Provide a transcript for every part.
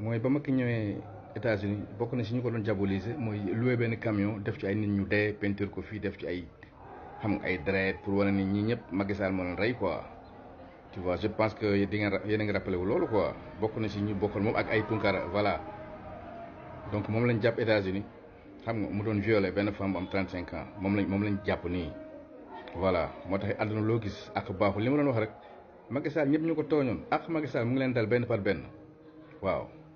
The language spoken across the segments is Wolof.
moy bama ki ñëwee États-Unis bokku na ci ñu ko doon diaboliser moy loué ben camion def ci ay nit ñu dé peinture ko fi def ci ay xam nga ay dret pour wala ni ñi ñëpp Macky Sall mo ray quoi tu vois je pense que di ngeen yéen nga rappelé wu lolu quoi bokku na ci ñu bokkal mom ak ay Tunkara voilà donc mom lañ japp États-Unis xam nga mu doon violé ben femme am 35 ans mom lañ mom lañ japp ni voilà motax aduna lo gis ak baaxu limu doon wax rek Macky Sall ñëpp ñuko ko ak Macky Sall mu ngi leen dal ben par ben Wow.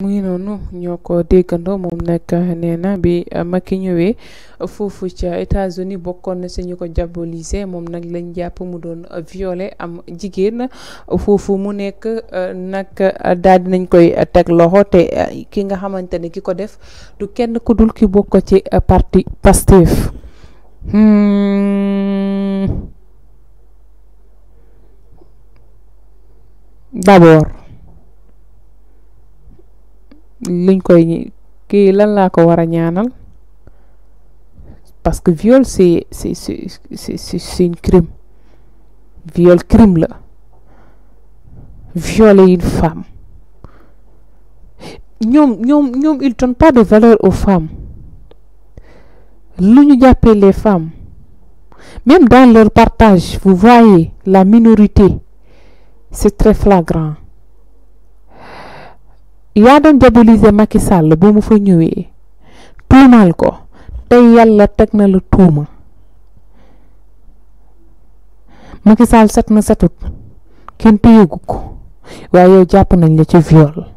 mu ngi noonu ñoo ko déggandoo moom nag na bi Macky ñëwee foofu ca bokkoon na si ñu ko moom nag lañ jàpp mu doon violé am jigéen foofu mu nekk nag daal nañ koy teg loxo te ki nga xamante ne ki ko def du kenn ku dul ki bokk ci parti Pastef. Hmm. d'abord. liñ koy ki lan laa ko war parce que viol c'est c'est c'est c'est une crime viol crime la violer une femme Ils ne donnent pas de valeur aux femmes lu ñu les femmes même dans leur partage vous voyez la minorité c'est très flagrant yaa doon diaboliser Macky Sall bu mu fa ñëwee tuumaal ko te yàlla teg na la tuuma Macky Sall set na setut kenn téyegu ko waaye yow jàpp nañ la ci viol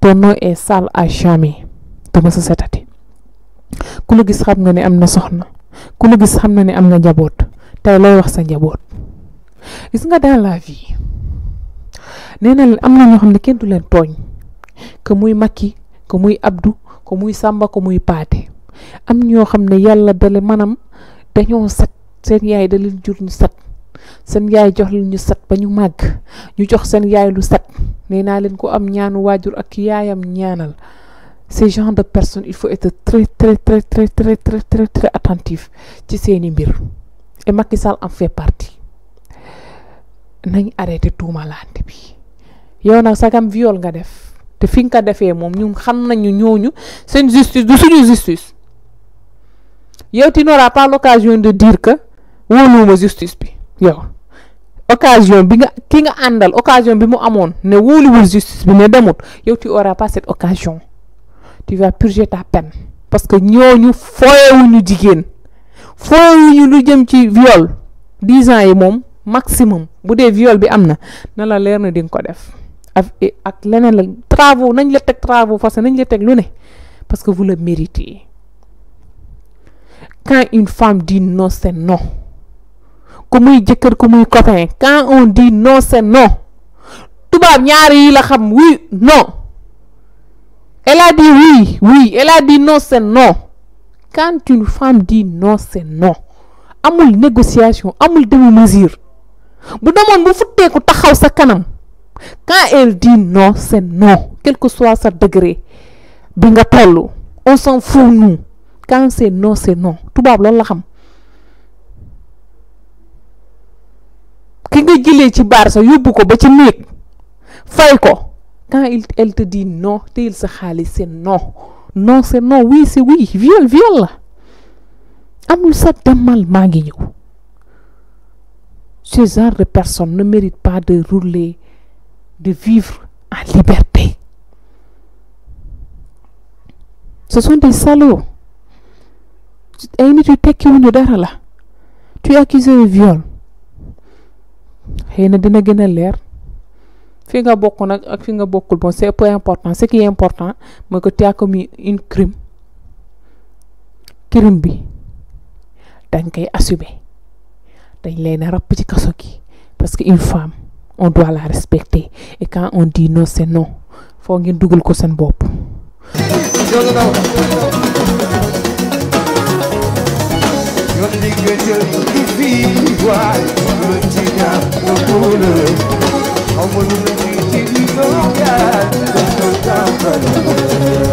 ton nom est sale à jamais te ma sa setati ku la gis xam na ne am na soxna ku la gis xam na ne am na njaboot tey looy wax sa njaboot gis nga dans la vie nee na leen am na ñoo xam ne kenn du leen tooñ que muy Macky que muy Abdou que muy Samba que muy Paate am ñoo xam ne yàlla dale manam dañoo sat seen yaay da leen jur ñu sat seen yaay jox leen ñu sat ba ñu màgg ñu jox seen yaay lu sat nee naa leen ko am ñaanu waajur ak yaayam ñaanal ces genre de personnes il faut être très très très très très très très très attentif ci seeni mbir et Macky Sall en fait partie nañ arrêté tuumalante bi yow nag sagam viol nga def te fi nga ko defee moom ñun xam nañu ñooñu seen justice du suñu justice yow tu n'auras pas l'occasion de dire que wóoluwuma justice bi yow occasion bi nga ki nga àndal occasion bi mu amoon ne wóoluwul justice bi ne demut yow tu auras pas cette occasion tu vas purger ta parce que ñooñu ñu jigéen fooyewuñu lu jëm ci viol dix ans yi moom maximum bu dee viol bi am na na la leer na di nga ko def ak ak leneen la travaux nañ la teg travaux parce que nañ la teg lu ne parce que vous le méritez quand une femme dit non c'est non ku muy jëkkër ku muy copain quand on dit non c'est non tubaab ñaari yi la xam oui non elle a dit oui oui elle a dit non c'est non quand une femme dit non c'est non amul négociation amul demi-mesure bu demoon bu futteeku taxaw sa kanam quand elle dit non c'est non quel que soit sa degré bi nga on s'en fout nous quand c'est non c'est non tout loolu la xam Kinga nga ci baar sa yóbbu ko ba ci néeg fay ko quand il elle te dit non il se xaalis c'est non non c'est non oui c'est oui viol viol la amul sa demal maa ngi ce genre de personnes ne méritent pas de rouler, de vivre en liberté. Ce sont des salauds. Tu es accusé de viol. Tu na accusé de fi nga c'est important ce qui est important c'est que tu as commis un crime crime bi assumé. assumé dañ leen a ràpp ci kaso gi parce que une femme on doit la respecter et quand on dit non c'est non foo ngeen dugal ko seen bopp.